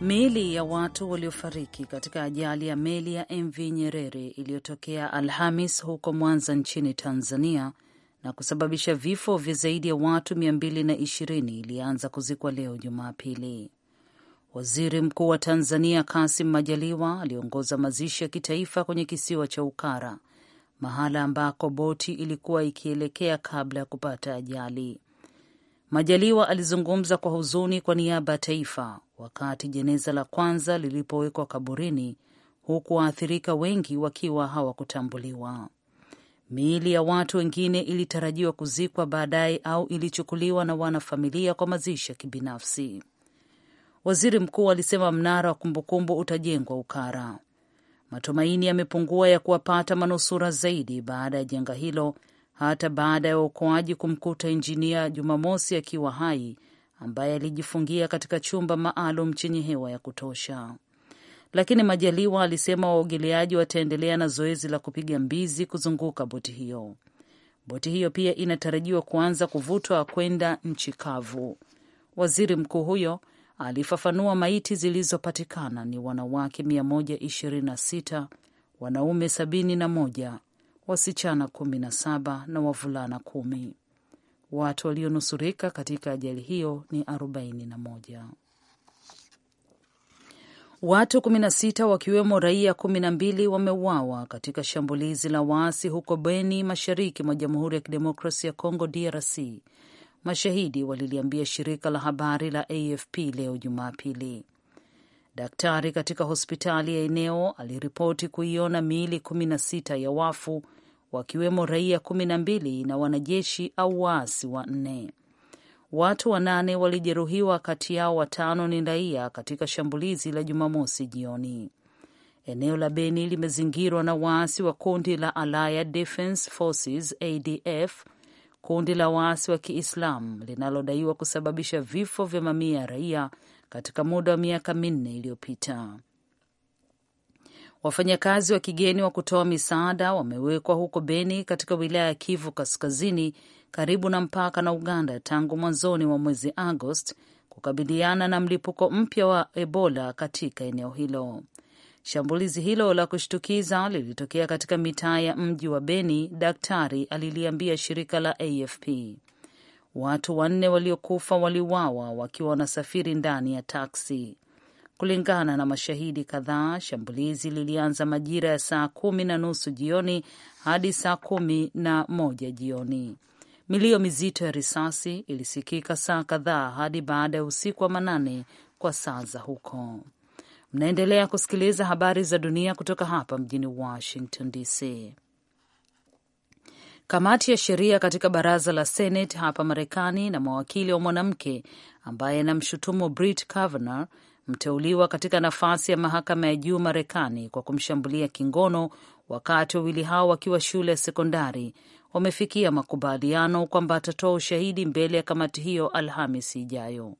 Miili ya watu waliofariki katika ajali ya meli ya MV Nyerere iliyotokea Alhamis huko Mwanza nchini Tanzania na kusababisha vifo vya zaidi ya watu 220 ilianza kuzikwa leo Jumapili. Waziri Mkuu wa Tanzania Kasim Majaliwa aliongoza mazishi ya kitaifa kwenye kisiwa cha Ukara, mahala ambako boti ilikuwa ikielekea kabla ya kupata ajali. Majaliwa alizungumza kwa huzuni kwa niaba ya taifa wakati jeneza la kwanza lilipowekwa kaburini, huku waathirika wengi wakiwa hawakutambuliwa. Miili ya watu wengine ilitarajiwa kuzikwa baadaye au ilichukuliwa na wanafamilia kwa mazishi ya kibinafsi. Waziri mkuu alisema mnara wa kumbukumbu utajengwa Ukara. Matumaini yamepungua ya kuwapata manusura zaidi baada ya janga hilo, hata baada ya uokoaji kumkuta injinia Jumamosi akiwa hai, ambaye alijifungia katika chumba maalum chenye hewa ya kutosha. Lakini Majaliwa alisema waogeleaji wataendelea na zoezi la kupiga mbizi kuzunguka boti hiyo. Boti hiyo pia inatarajiwa kuanza kuvutwa kwenda nchi kavu. Waziri mkuu huyo alifafanua maiti zilizopatikana ni wanawake 126, wanaume 71 wasichana kumi na saba na wavulana kumi. Watu walionusurika katika ajali hiyo ni 41. Watu sita wakiwemo raia na mbili wameuawa katika shambulizi la waasi huko Beni, mashariki mwa Jamhuri ya Kidemokrasia ya Kongo, DRC. Mashahidi waliliambia shirika la habari la AFP leo Jumapili. Daktari katika hospitali ya eneo aliripoti kuiona miili kumi na sita ya wafu wakiwemo raia kumi na mbili na wanajeshi au waasi wanne. Watu wanane walijeruhiwa, kati yao watano ni raia katika shambulizi la Jumamosi jioni. Eneo la Beni limezingirwa na waasi wa kundi la Allied Defense Forces ADF, kundi la waasi wa Kiislamu linalodaiwa kusababisha vifo vya mamia ya raia katika muda wa miaka minne iliyopita. Wafanyakazi wa kigeni wa kutoa misaada wamewekwa huko Beni katika wilaya ya Kivu Kaskazini karibu na mpaka na Uganda tangu mwanzoni mwa mwezi Agosti kukabiliana na mlipuko mpya wa Ebola katika eneo hilo. Shambulizi hilo la kushtukiza lilitokea katika mitaa ya mji wa Beni, daktari aliliambia shirika la AFP. Watu wanne waliokufa waliuawa wakiwa wanasafiri ndani ya taksi. Kulingana na mashahidi kadhaa, shambulizi lilianza majira ya saa kumi na nusu jioni hadi saa kumi na moja jioni. Milio mizito ya risasi ilisikika saa kadhaa hadi baada ya usiku wa manane kwa saa za huko. Mnaendelea kusikiliza habari za dunia kutoka hapa mjini Washington DC. Kamati ya sheria katika baraza la Senate hapa Marekani na mawakili wa mwanamke ambaye anamshutumu Brett Kavanaugh mteuliwa katika nafasi ya mahakama ya juu Marekani kwa kumshambulia kingono wakati wawili hao wakiwa shule ya sekondari wamefikia makubaliano kwamba atatoa ushahidi mbele ya kamati hiyo Alhamisi ijayo.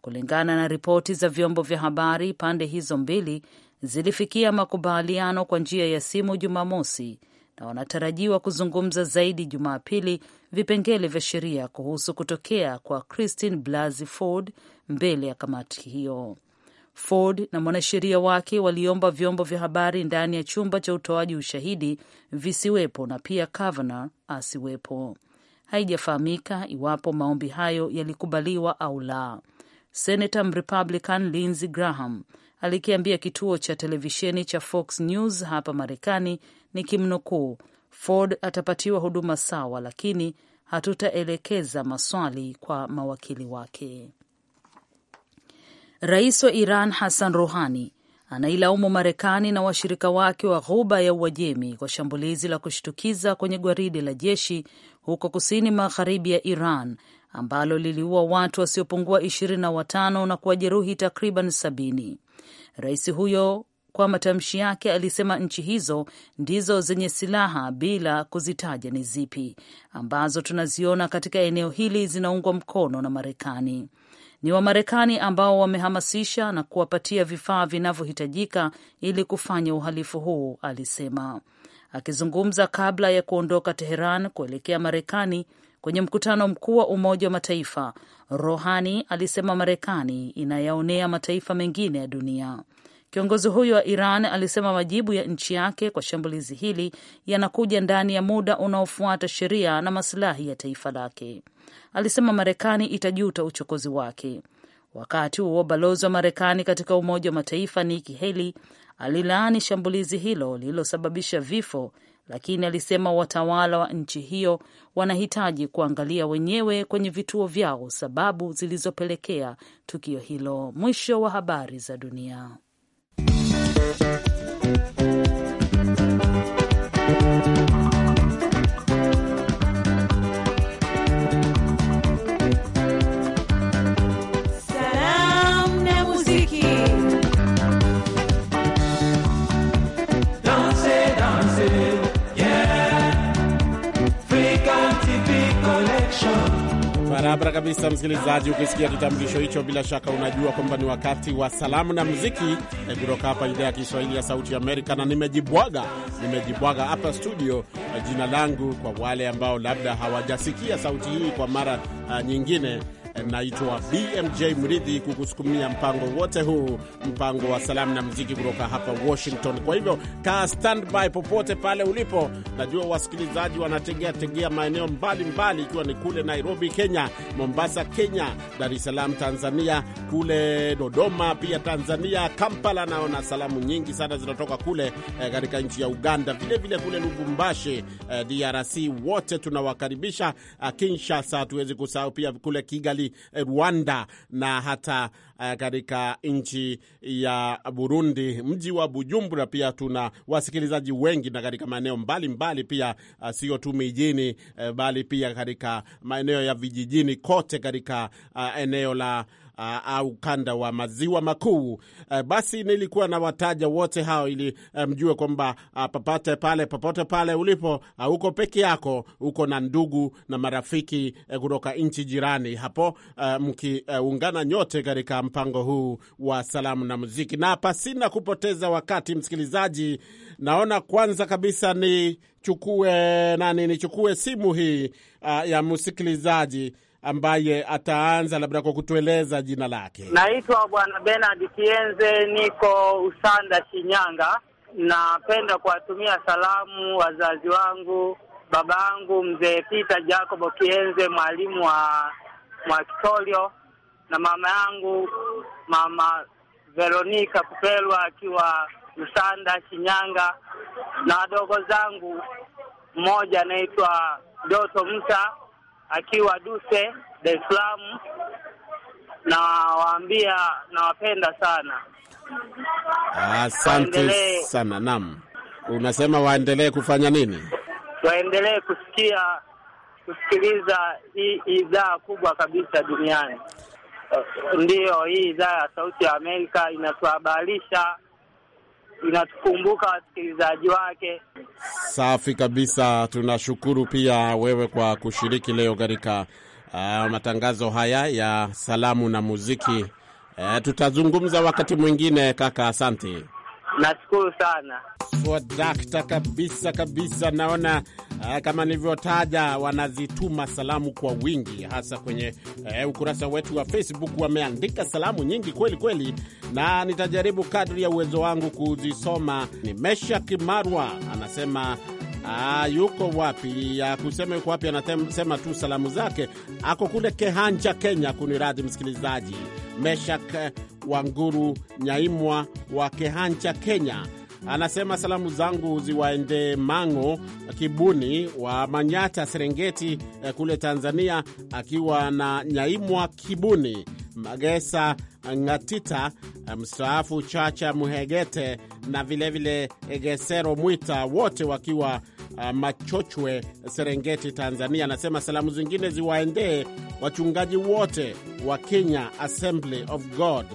Kulingana na ripoti za vyombo vya habari, pande hizo mbili zilifikia makubaliano kwa njia ya simu Jumamosi na wanatarajiwa kuzungumza zaidi Jumapili vipengele vya sheria kuhusu kutokea kwa Christine Blasey Ford mbele ya kamati hiyo. Ford na mwanasheria wake waliomba vyombo vya habari ndani ya chumba cha utoaji ushahidi visiwepo na pia Kavanaugh asiwepo. Haijafahamika iwapo maombi hayo yalikubaliwa au la. Senata Mrepublican Lindsey Graham alikiambia kituo cha televisheni cha Fox News hapa Marekani ni kimnukuu, Ford atapatiwa huduma sawa, lakini hatutaelekeza maswali kwa mawakili wake. Rais wa Iran Hassan Rouhani anailaumu Marekani na washirika wake wa Ghuba ya Uajemi kwa shambulizi la kushtukiza kwenye gwaridi la jeshi huko kusini magharibi ya Iran ambalo liliua watu wasiopungua ishirini na watano na kuwajeruhi takriban sabini. Rais huyo kwa matamshi yake, alisema nchi hizo ndizo zenye silaha, bila kuzitaja ni zipi, ambazo tunaziona katika eneo hili zinaungwa mkono na Marekani. Ni Wamarekani ambao wamehamasisha na kuwapatia vifaa vinavyohitajika ili kufanya uhalifu huu, alisema akizungumza kabla ya kuondoka Teheran kuelekea Marekani kwenye mkutano mkuu wa Umoja wa Mataifa. Rohani alisema Marekani inayaonea mataifa mengine ya dunia. Kiongozi huyo wa Iran alisema majibu ya nchi yake kwa shambulizi hili yanakuja ndani ya muda unaofuata sheria na masilahi ya taifa lake. Alisema Marekani itajuta uchokozi wake. Wakati huo balozi wa Marekani katika Umoja wa Mataifa Nikki Haley alilaani shambulizi hilo lililosababisha vifo, lakini alisema watawala wa nchi hiyo wanahitaji kuangalia wenyewe kwenye vituo vyao sababu zilizopelekea tukio hilo. Mwisho wa habari za dunia. thank you Barabara kabisa, msikilizaji, ukisikia kitambulisho hicho, bila shaka unajua kwamba ni wakati wa salamu na muziki eh, kutoka hapa idhaa ya Kiswahili ya Sauti Amerika, na nimejibwaga nimejibwaga hapa studio. Eh, jina langu kwa wale ambao labda hawajasikia sauti hii kwa mara uh, nyingine naitwa BMJ Mridhi kukusukumia mpango wote huu, mpango wa salamu na mziki kutoka hapa Washington. Kwa hivyo kaa standby popote pale ulipo. Najua wasikilizaji wanategea tegea maeneo mbalimbali, ikiwa ni kule Nairobi Kenya, Mombasa Kenya, Dar es Salaam Tanzania, kule Dodoma pia Tanzania, Kampala. Naona salamu nyingi sana zinatoka kule eh, katika eh, nchi ya Uganda, vilevile vile kule Lubumbashi eh, DRC. Wote tunawakaribisha. Ah, Kinshasa hatuwezi kusahau pia kule Kigali serikali eh, Rwanda na hata uh, katika nchi ya Burundi, mji wa Bujumbura. Pia tuna wasikilizaji wengi na katika maeneo mbalimbali pia, uh, sio tu mijini, uh, bali pia katika maeneo ya vijijini kote katika uh, eneo la au kanda wa maziwa makuu. Basi nilikuwa na wataja wote hao ili mjue kwamba papate pale popote pale ulipo, uko peke yako, uko na ndugu na marafiki kutoka nchi jirani hapo, mkiungana nyote katika mpango huu wa salamu na muziki. Na pasina kupoteza wakati, msikilizaji, naona kwanza kabisa ni chukue nani, nichukue simu hii uh, ya msikilizaji ambaye ataanza labda kwa kutueleza jina lake. Naitwa Bwana Benard Kienze, niko Usanda, Shinyanga. Napenda kuwatumia salamu wazazi wangu, baba yangu mzee Peter Jacobo Kienze, mwalimu wa Mwakitolio, na mama yangu mama veronika Kupelwa akiwa Usanda, Shinyanga, na wadogo zangu mmoja anaitwa Doto msa akiwa Duse, Dar es Salaam, na waambia nawapenda sana. Asante sana. Naam, unasema waendelee kufanya nini? Waendelee kusikia kusikiliza hii idhaa kubwa kabisa duniani, ndiyo hii idhaa ya Sauti ya Amerika inatuhabarisha inatukumbuka wasikilizaji wake. Safi kabisa, tunashukuru pia wewe kwa kushiriki leo katika uh, matangazo haya ya salamu na muziki. Uh, tutazungumza wakati mwingine kaka, asante. Nashukuru sana dakta, kabisa kabisa. Naona uh, kama nilivyotaja, wanazituma salamu kwa wingi, hasa kwenye uh, ukurasa wetu wa Facebook. Wameandika salamu nyingi kweli kweli, na nitajaribu kadri ya uwezo wangu kuzisoma. Ni Mesha Kimarwa anasema Aa, ah, yuko wapi? Akusema yuko wapi? Anasema tu salamu zake, ako kule Kehanja, Kenya. Kuniradhi msikilizaji Meshak Wanguru Nyaimwa wa Kehancha, Kenya. Anasema salamu zangu ziwaende Mang'o Kibuni wa Manyata, Serengeti kule Tanzania, akiwa na Nyaimwa Kibuni Magesa Ng'atita mstaafu Chacha Muhegete na vilevile vile Gesero Mwita, wote wakiwa Ah, Machochwe, Serengeti, Tanzania, anasema salamu zingine ziwaendee wachungaji wote wa Kenya Assembly of God.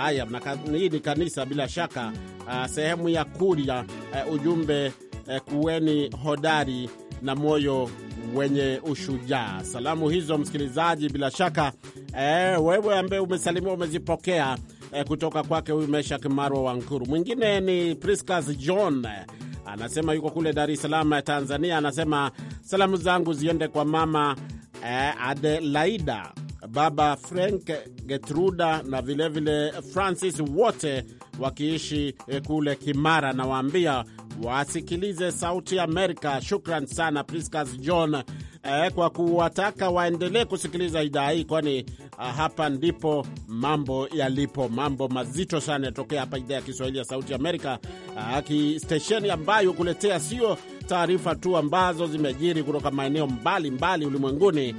Haya, hii ni kanisa bila shaka. Ah, sehemu ya Kuria. Eh, ujumbe eh, kuweni hodari na moyo wenye ushujaa. Salamu hizo msikilizaji, bila shaka e, wewe ambaye umesalimiwa umezipokea e, kutoka kwake huyu Mesha Kimarwa Wankuru. Mwingine ni Priscas John anasema yuko kule Dar es Salaam Tanzania. Anasema salamu zangu ziende kwa mama eh, Adelaida, baba Frank, Getruda na vilevile vile Francis, wote wakiishi eh, kule Kimara. Nawaambia wasikilize Sauti Amerika. Shukran sana Priscas John eh, kwa kuwataka waendelee kusikiliza idhaa hii, kwani Ah, hapa ndipo mambo yalipo, mambo mazito sana yatokea hapa idhaa ya Kiswahili ya Sauti Amerika, ah, kistesheni ambayo kuletea sio taarifa tu ambazo zimejiri kutoka maeneo mbalimbali ulimwenguni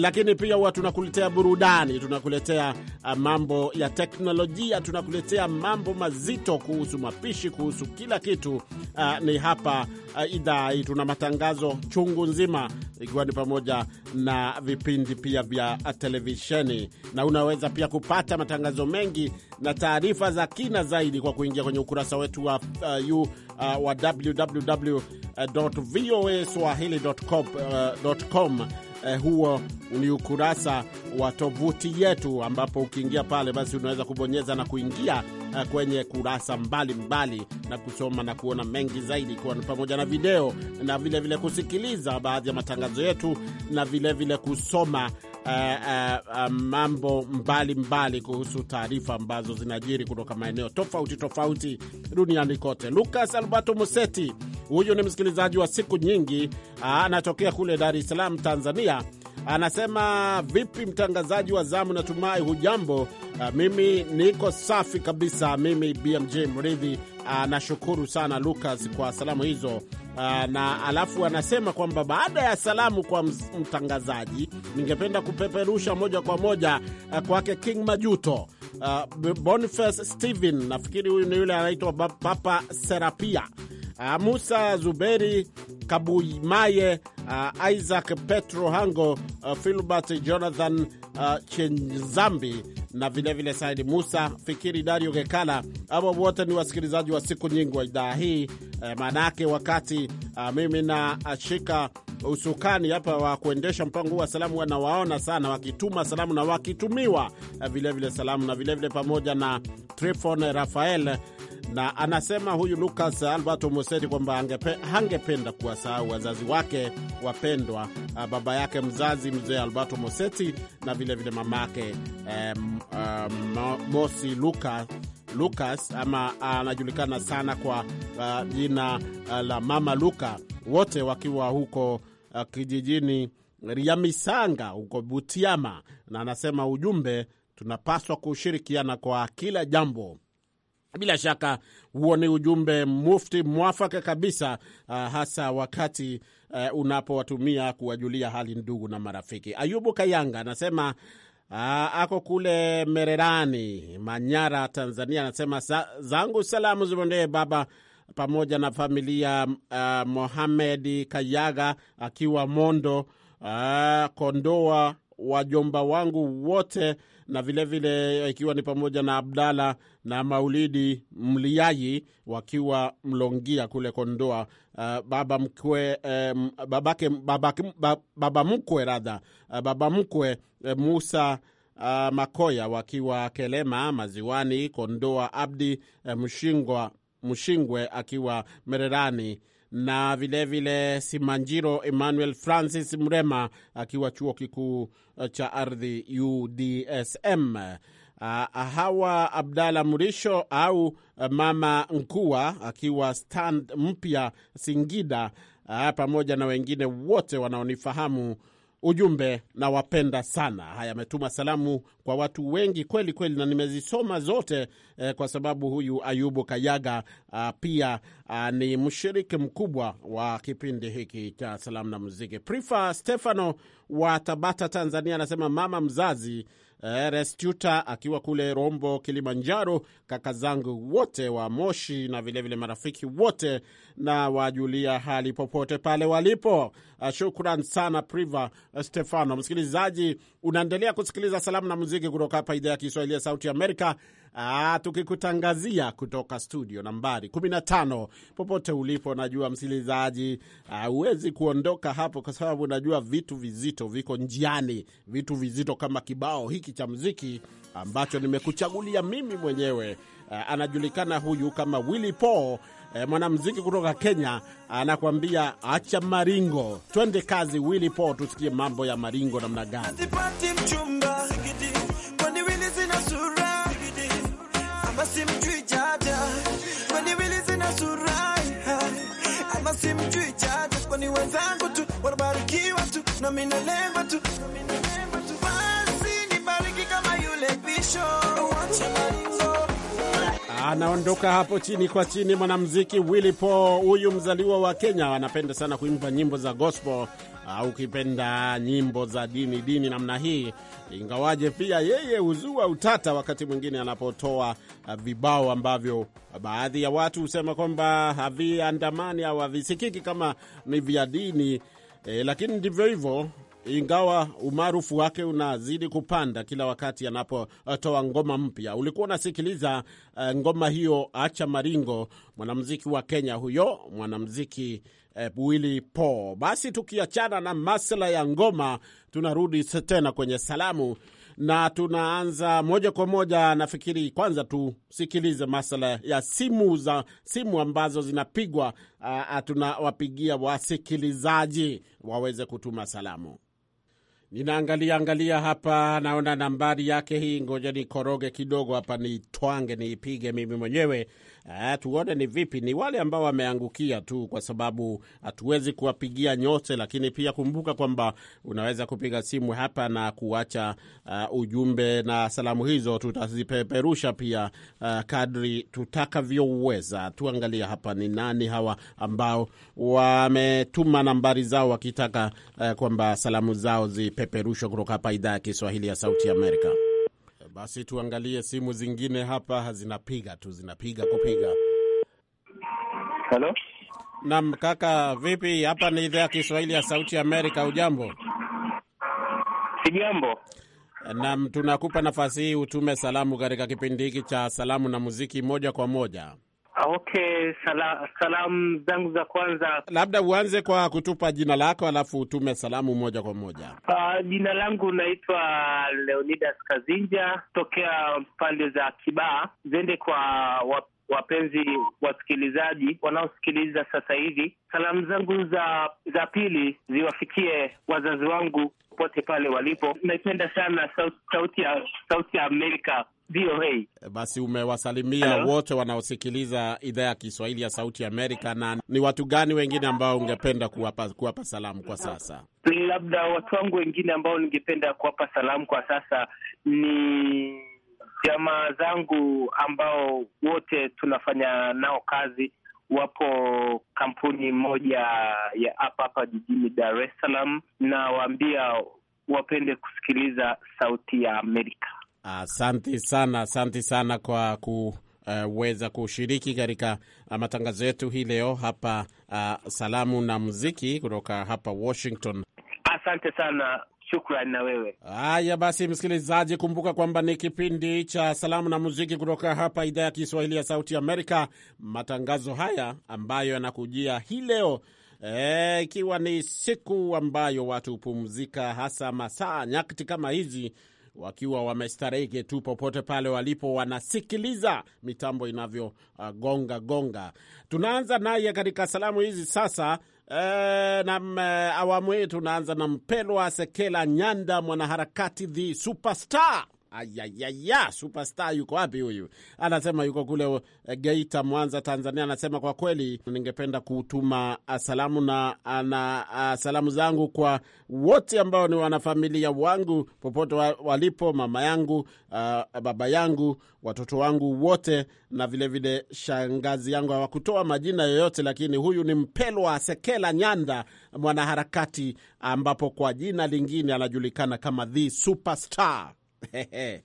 lakini pia huwa tunakuletea burudani, tunakuletea uh, mambo ya teknolojia, tunakuletea mambo mazito kuhusu mapishi, kuhusu kila kitu. Uh, ni hapa uh, idhaa hii tuna matangazo chungu nzima, ikiwa ni pamoja na vipindi pia vya uh, televisheni, na unaweza pia kupata matangazo mengi na taarifa za kina zaidi kwa kuingia kwenye ukurasa wetu wa uh, yu, uh, wa www voa swahili.com uh, eh, huo ni ukurasa wa tovuti yetu, ambapo ukiingia pale basi unaweza kubonyeza na kuingia eh, kwenye kurasa mbalimbali mbali, na kusoma na kuona mengi zaidi, ikiwa ni pamoja na video na vilevile vile kusikiliza baadhi ya matangazo yetu na vilevile vile kusoma uh, uh, mambo mbalimbali mbali kuhusu taarifa ambazo zinajiri kutoka maeneo tofauti tofauti duniani kote. Lucas Alberto Museti, huyu ni msikilizaji wa siku nyingi, ah, anatokea uh, kule Dar es Salaam, Tanzania. Anasema vipi mtangazaji wa zamu, natumai hujambo. Uh, mimi niko safi kabisa, mimi BMJ Mridhi. Uh, nashukuru sana Lucas kwa salamu hizo. Uh, na alafu anasema kwamba baada ya salamu kwa mtangazaji, ningependa kupeperusha moja kwa moja uh, kwake King Majuto, uh, Boniface Stephen, nafikiri huyu ni yule anaitwa Papa Serapia uh, Musa Zuberi Kabumaye, uh, ah, Isaac Petro Hango, uh, ah, Filbert Jonathan uh, Chenzambi na vilevile Saidi Musa Fikiri Dario Gekala. Hapo wote ni wasikilizaji wa siku nyingi wa idhaa hii uh, eh, maanake wakati uh, mimi nashika usukani hapa wa kuendesha mpango huu wa salamu, wanawaona sana wakituma salamu na wakitumiwa vilevile eh, salamu na vilevile pamoja na Trifon Rafael na anasema huyu Lukas Alberto Museti kwamba hangepe, hangependa kuwasahau wazazi wake wapendwa, uh, baba yake mzazi mzee Alberto Museti na vilevile mamake eh, uh, Mosi Luka Lucas ama anajulikana sana kwa uh, jina uh, la Mama Luka, wote wakiwa huko uh, kijijini Riamisanga huko Butiama, na anasema ujumbe, tunapaswa kushirikiana kwa kila jambo bila shaka huo ni ujumbe mufti mwafaka kabisa, uh, hasa wakati uh, unapowatumia kuwajulia hali ndugu na marafiki. Ayubu Kayanga anasema uh, ako kule Mererani, Manyara, Tanzania. Anasema zangu salamu zimwendee baba pamoja na familia uh, Mohamedi Kayaga akiwa Mondo, uh, Kondoa, wajomba wangu wote na vilevile vile, eh, ikiwa ni pamoja na Abdala na Maulidi Mliayi wakiwa Mlongia kule Kondoa. Uh, baba mkwe, um, babake, babake, bab, baba mkwe radha uh, eh, baba mkwe Musa uh, Makoya wakiwa Kelema Maziwani Kondoa. Abdi uh, Mshingwa Mshingwe akiwa Mererani na vilevile vile Simanjiro Emmanuel Francis Mrema akiwa chuo kikuu eh, cha ardhi UDSM. Ah, ah, Hawa Abdala Murisho au eh, Mama Nkua akiwa stand mpya Singida, ah, pamoja na wengine wote wanaonifahamu ujumbe na wapenda sana. Haya, ametuma salamu kwa watu wengi kweli kweli, na nimezisoma zote eh, kwa sababu huyu Ayubu Kayaga ah, pia ah, ni mshiriki mkubwa wa kipindi hiki cha salamu na muziki. Prifa Stefano wa Tabata, Tanzania anasema mama mzazi eh, Restuta akiwa kule Rombo, Kilimanjaro, kaka zangu wote wa Moshi na vilevile vile marafiki wote na wajulia hali popote pale walipo. Uh, shukran sana Priva uh, Stefano. Msikilizaji, unaendelea kusikiliza salamu na muziki kutoka hapa idhaa ya Kiswahili ya Sauti Amerika, uh, tukikutangazia kutoka studio nambari 15 popote ulipo. Najua msikilizaji, huwezi kuondoka hapo, kwa sababu najua vitu vizito viko njiani, vitu vizito kama kibao hiki cha muziki ambacho nimekuchagulia mimi mwenyewe. Anajulikana huyu kama Willy Paul e, mwanamuziki kutoka Kenya anakuambia acha maringo, twende kazi. Willy Paul, tusikie mambo ya maringo namna gani? basi nibariki kama yule bisho Anaondoka hapo chini kwa chini. Mwanamuziki Willy Paul, huyu mzaliwa wa Kenya, anapenda sana kuimba nyimbo za gospel au ukipenda nyimbo za dini dini namna hii, ingawaje pia yeye huzua utata wakati mwingine anapotoa uh, vibao ambavyo baadhi ya watu husema kwamba haviandamani au havisikiki kama ni vya dini. E, lakini ndivyo hivyo ingawa umaarufu wake unazidi kupanda kila wakati anapotoa ngoma mpya. Ulikuwa unasikiliza uh, ngoma hiyo acha maringo, mwanamziki wa Kenya huyo, mwanamziki uh, eh, Willy Paul. Basi tukiachana na masala ya ngoma, tunarudi tena kwenye salamu na tunaanza moja kwa moja. Nafikiri kwanza tusikilize masala ya simu za simu ambazo zinapigwa, ah, ah, tunawapigia wasikilizaji waweze kutuma salamu. Ninaangalia angalia hapa, naona nambari yake hii, ngoja nikoroge kidogo hapa, nitwange niipige mimi mwenyewe eh, tuone ni vipi, ni wale ambao wameangukia tu, kwa sababu hatuwezi kuwapigia nyote, lakini pia kumbuka kwamba unaweza kupiga simu hapa na kuacha uh, ujumbe na salamu hizo, tutazipeperusha pia uh, kadri tutakavyouweza Tuangalia hapa ni nani hawa ambao wametuma nambari zao wakitaka uh, kwamba salamu zao zipeperushwe kutoka hapa idhaa ya Kiswahili ya Sauti Amerika. Basi tuangalie simu zingine hapa, zinapiga tu zinapiga kupiga. Halo, naam kaka, vipi? Hapa ni idhaa ya Kiswahili ya Sauti ya Amerika. Ujambo? Sijambo. Naam, tunakupa nafasi hii utume salamu katika kipindi hiki cha salamu na muziki moja kwa moja. Okay, sala, salamu zangu za kwanza labda uanze kwa kutupa jina lako alafu utume salamu moja kwa moja. Uh, jina langu naitwa Leonidas Kazinja tokea pande za Kibaa zende kwa wap wapenzi wasikilizaji wanaosikiliza sasa hivi, salamu zangu za za pili ziwafikie wazazi wangu popote pale walipo. Naipenda sana sauti ya Sauti ya Amerika VOA. Eh, basi umewasalimia Hello, wote wanaosikiliza idhaa ya Kiswahili ya Sauti ya Amerika. Na ni watu gani wengine ambao ungependa kuwapa, kuwapa salamu kwa sasa? Labda watu wangu wengine ambao ningependa kuwapa salamu kwa sasa ni jamaa zangu ambao wote tunafanya nao kazi, wapo kampuni moja ya hapa hapa jijini Dar es Salaam, na waambia wapende kusikiliza Sauti ya Amerika. Asante sana, asante sana kwa kuweza kushiriki katika uh, matangazo yetu hii leo hapa uh, salamu na muziki kutoka hapa Washington. Asante sana. Shukrani na wewe. Haya basi, msikilizaji, kumbuka kwamba ni kipindi cha salamu na muziki kutoka hapa idhaa ya Kiswahili ya Sauti Amerika. Matangazo haya ambayo yanakujia hii leo eh, ikiwa e, ni siku ambayo watu hupumzika, hasa masaa nyakati kama hizi wakiwa wamestariki tu popote pale walipo, wanasikiliza mitambo inavyogonga uh, gonga. Tunaanza naye katika salamu hizi sasa. E, na mm, eh, awamu hii tunaanza na Mpelwa Sekela Nyanda, mwanaharakati the superstar Ayayaya, superstar yuko wapi huyu? Anasema yuko kule eh, Geita, Mwanza, Tanzania. Anasema kwa kweli, ningependa kutuma ah, salamu na, ana ah, ah, salamu zangu kwa wote ambao ni wanafamilia wangu popote walipo, mama yangu, uh, baba yangu, watoto wangu wote, na vilevile vile shangazi yangu. Hawakutoa majina yoyote, lakini huyu ni Mpelwa Sekela Nyanda, mwanaharakati ambapo kwa jina lingine anajulikana kama the superstar.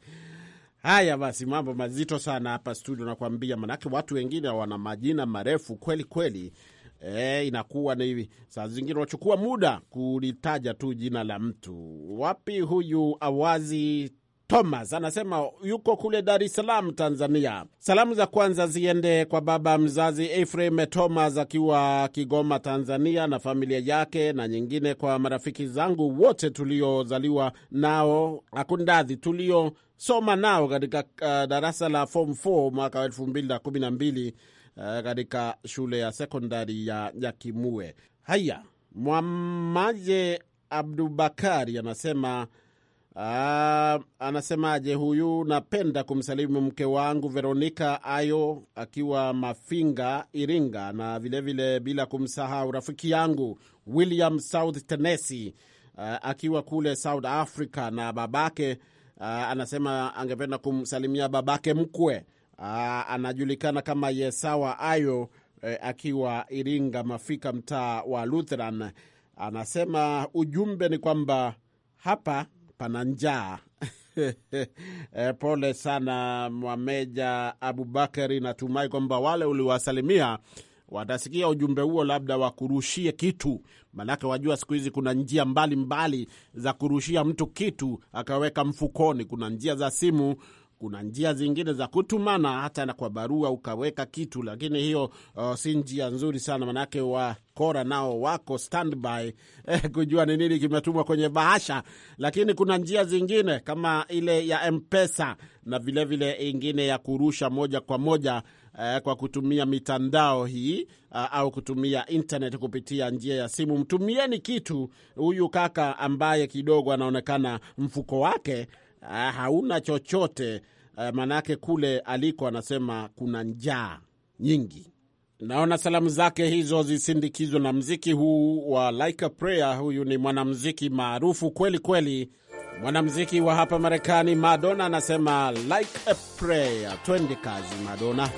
Haya basi, mambo mazito sana hapa studio nakwambia, manake watu wengine wana majina marefu kweli kweli. E, inakuwa ni saa zingine wachukua muda kulitaja tu jina la mtu. Wapi huyu Awazi Thomas anasema yuko kule Dar es Salaam, Tanzania. Salamu za kwanza ziende kwa baba mzazi Efrem Thomas akiwa Kigoma, Tanzania, na familia yake, na nyingine kwa marafiki zangu wote tuliozaliwa nao akundadhi tuliosoma nao katika uh, darasa la form 4 mwaka wa elfu uh, katika shule ya sekondari ya Nyakimue. Haya, Mwamaje Abdubakari anasema Uh, anasemaje huyu? Napenda kumsalimu mke wangu Veronica Ayo akiwa Mafinga, Iringa, na vilevile vile bila kumsahau rafiki yangu William South Tennessee, uh, akiwa kule South Africa, na babake uh, anasema angependa kumsalimia babake mkwe, uh, anajulikana kama Yesawa Ayo, uh, akiwa Iringa Mafika, mtaa wa Lutheran. Anasema ujumbe ni kwamba hapa pana njaa. Eh, pole sana Mwameja Abubakari, natumai kwamba wale uliwasalimia watasikia ujumbe huo, labda wakurushie kitu, manake wajua siku hizi kuna njia mbalimbali mbali za kurushia mtu kitu akaweka mfukoni. Kuna njia za simu, kuna njia zingine za kutumana hata na kwa barua ukaweka kitu, lakini hiyo uh, si njia nzuri sana, manake wakora nao wako standby eh, kujua ni nini kimetumwa kwenye bahasha. Lakini kuna njia zingine kama ile ya Mpesa na vilevile vile ingine ya kurusha moja kwa moja eh, kwa kutumia mitandao hii uh, au kutumia internet kupitia njia ya simu. Mtumieni kitu huyu kaka ambaye kidogo anaonekana mfuko wake uh, hauna chochote uh, eh, maanake kule aliko anasema kuna njaa nyingi. Naona salamu zake hizo zisindikizwa na mziki huu wa Like a Prayer. Huyu ni mwanamziki maarufu kweli kweli, mwanamziki wa hapa Marekani. Madonna anasema Like a Prayer. Twende kazi Madonna.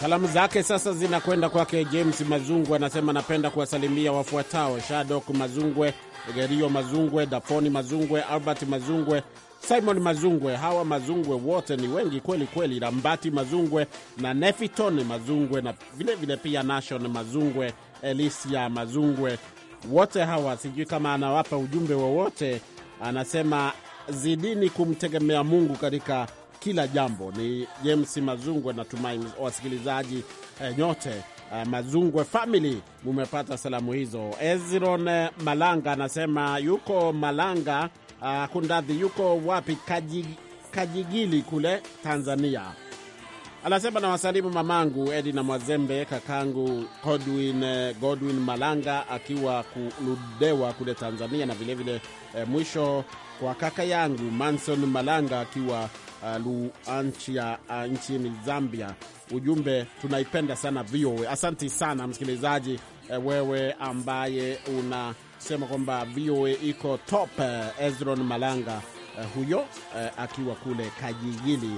Salamu zake sasa zinakwenda kwake James Mazungwe, anasema napenda kuwasalimia wafuatao: Shadok Mazungwe, Gerio Mazungwe, Dafoni Mazungwe, Albert Mazungwe, Simon Mazungwe. Hawa Mazungwe wote ni wengi kweli kweli. Rambati Mazungwe na Nefiton Mazungwe na vilevile vile pia Nation Mazungwe, Elisia Mazungwe, wote hawa sijui kama anawapa ujumbe wowote. Anasema zidini kumtegemea Mungu katika kila jambo. Ni James Mazungwe, natumai wasikilizaji eh, nyote eh, Mazungwe family mumepata salamu hizo. Ezron eh, Malanga anasema yuko Malanga uh, ah, kundadhi yuko wapi Kaji, Kajigili kule Tanzania. Anasema na wasalimu mamangu Edi na Mwazembe, kakangu Godwin, eh, Godwin Malanga akiwa kuludewa kule Tanzania, na vilevile vile, eh, mwisho kwa kaka yangu Manson Malanga akiwa uh, Luanchia uh, nchini Zambia. Ujumbe, tunaipenda sana VOA. Asanti sana msikilizaji eh, wewe ambaye unasema kwamba VOA iko top. Eh, Ezron Malanga eh, huyo akiwa kule Kajigili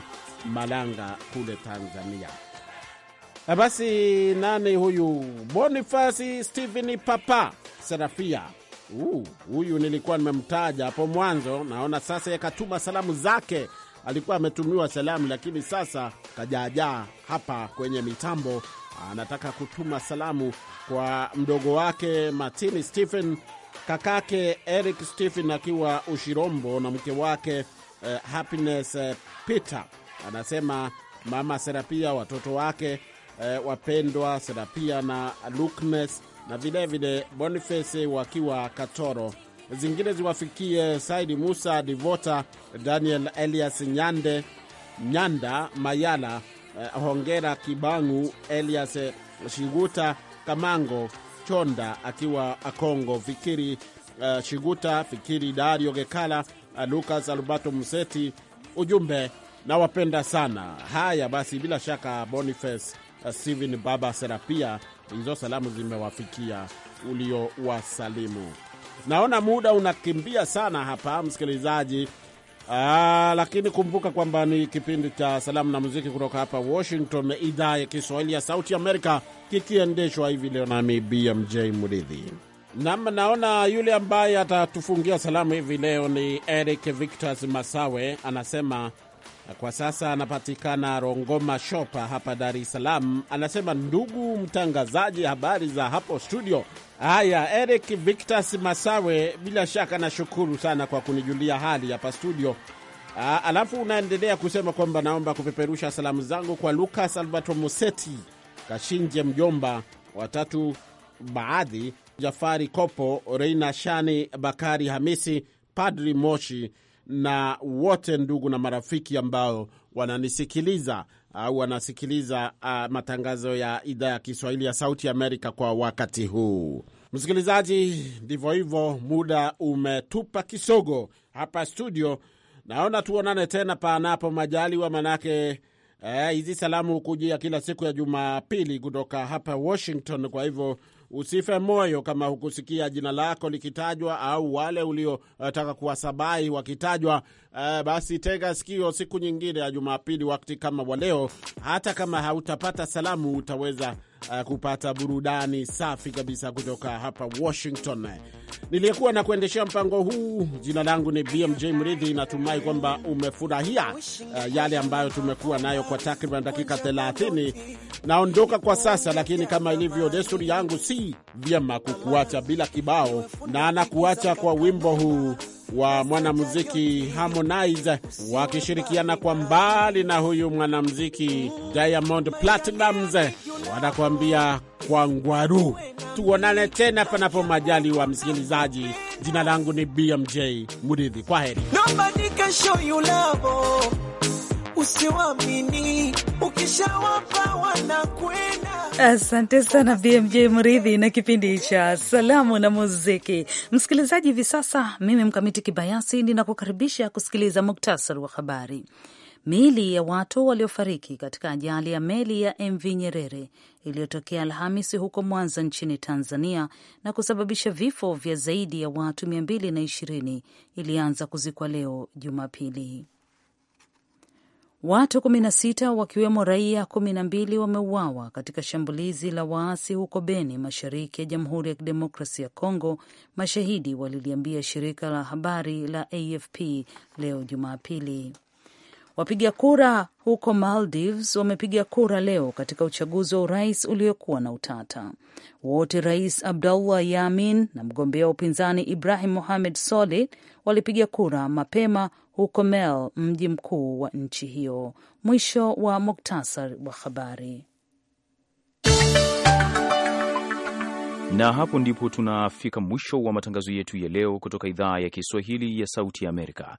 Malanga kule Tanzania. Basi nani huyu? Bonifasi Stephen Papa Serafia huyu uh, nilikuwa nimemtaja hapo mwanzo. Naona sasa yakatuma salamu zake, alikuwa ametumiwa salamu, lakini sasa kajaajaa hapa kwenye mitambo, anataka kutuma salamu kwa mdogo wake Martini Stephen, kakake Eric Stephen akiwa Ushirombo na mke wake eh, Happiness eh, Peter. Anasema mama Serapia, watoto wake eh, wapendwa Serapia na Lukness na vilevile Boniface wakiwa Katoro. Zingine ziwafikie Saidi Musa, Divota Daniel, Elias Nyande, Nyanda Mayala, eh, Hongera Kibangu, Elias eh, Shiguta, Kamango Chonda akiwa Akongo, Fikiri eh, Shiguta, Fikiri Dario Gekala, eh, Lukas Alubato Museti. Ujumbe nawapenda sana. Haya basi, bila shaka Boniface, eh, Steven Baba Serapia hizo salamu zimewafikia uliowasalimu. Naona muda unakimbia sana hapa, msikilizaji. Aa, ah, lakini kumbuka kwamba ni kipindi cha salamu na muziki kutoka hapa Washington, idhaa ya Kiswahili ya Sauti Amerika, kikiendeshwa hivi leo nami BMJ Muridhi nam. Naona yule ambaye atatufungia salamu hivi leo ni Eric Victos Masawe, anasema kwa sasa anapatikana Rongoma Shopa hapa Dar es Salaam. Anasema, ndugu mtangazaji, habari za hapo studio. Haya, Eric Victas Masawe, bila shaka nashukuru sana kwa kunijulia hali hapa studio. Aa, alafu unaendelea kusema kwamba naomba kupeperusha salamu zangu kwa Lukas Alberto Museti Kashinje, mjomba watatu baadhi, Jafari Kopo, Reina Shani, Bakari Hamisi, Padri Moshi na wote ndugu na marafiki ambao wananisikiliza au uh, wanasikiliza uh, matangazo ya idhaa ya Kiswahili ya Sauti Amerika kwa wakati huu. Msikilizaji, ndivyo hivyo, muda umetupa kisogo hapa studio. Naona tuonane tena panapo majaliwa, manake uh, hizi eh, salamu hukujia kila siku ya Jumapili kutoka hapa Washington. Kwa hivyo Usife moyo kama hukusikia jina lako likitajwa au wale uliotaka kuwasabai wakitajwa. Uh, basi tega sikio siku nyingine ya Jumapili wakati kama wa leo. Hata kama hautapata salamu, utaweza uh, kupata burudani safi kabisa kutoka hapa Washington niliyekuwa na kuendeshea mpango huu. Jina langu ni BMJ Mridhi. Natumai kwamba umefurahia uh, yale ambayo tumekuwa nayo kwa takriban dakika 30. Naondoka kwa sasa, lakini kama ilivyo desturi yangu, si vyema kukuacha bila kibao, na anakuacha kwa wimbo huu wa mwanamuziki Harmonize wakishirikiana kwa mbali na huyu mwanamuziki Diamond Platnumz wanakuambia ngwaru. Tuonane tena panapo majali wa msikilizaji. Jina langu ni BMJ Muridhi, kwa heri. Asante sana BMJ Mridhi na kipindi cha salamu na muziki. Msikilizaji, hivi sasa mimi Mkamiti Kibayasi ninakukaribisha kusikiliza muktasari wa habari. Miili ya watu waliofariki katika ajali ya meli ya MV Nyerere iliyotokea Alhamisi huko Mwanza nchini Tanzania na kusababisha vifo vya zaidi ya watu 220 ilianza kuzikwa leo Jumapili. Watu 16 wakiwemo raia 12 wameuawa katika shambulizi la waasi huko Beni, mashariki ya Jamhuri ya Kidemokrasia ya Kongo, mashahidi waliliambia shirika la habari la AFP leo Jumapili. Wapiga kura huko Maldives wamepiga kura leo katika uchaguzi wa urais uliokuwa na utata. Wote Rais Abdullah Yamin na mgombea wa upinzani Ibrahim Mohamed soli walipiga kura mapema huko Mel, mji mkuu wa nchi hiyo. Mwisho wa muktasar wa habari. Na hapo ndipo tunafika mwisho wa matangazo yetu ya leo kutoka idhaa ya Kiswahili ya Sauti ya Amerika.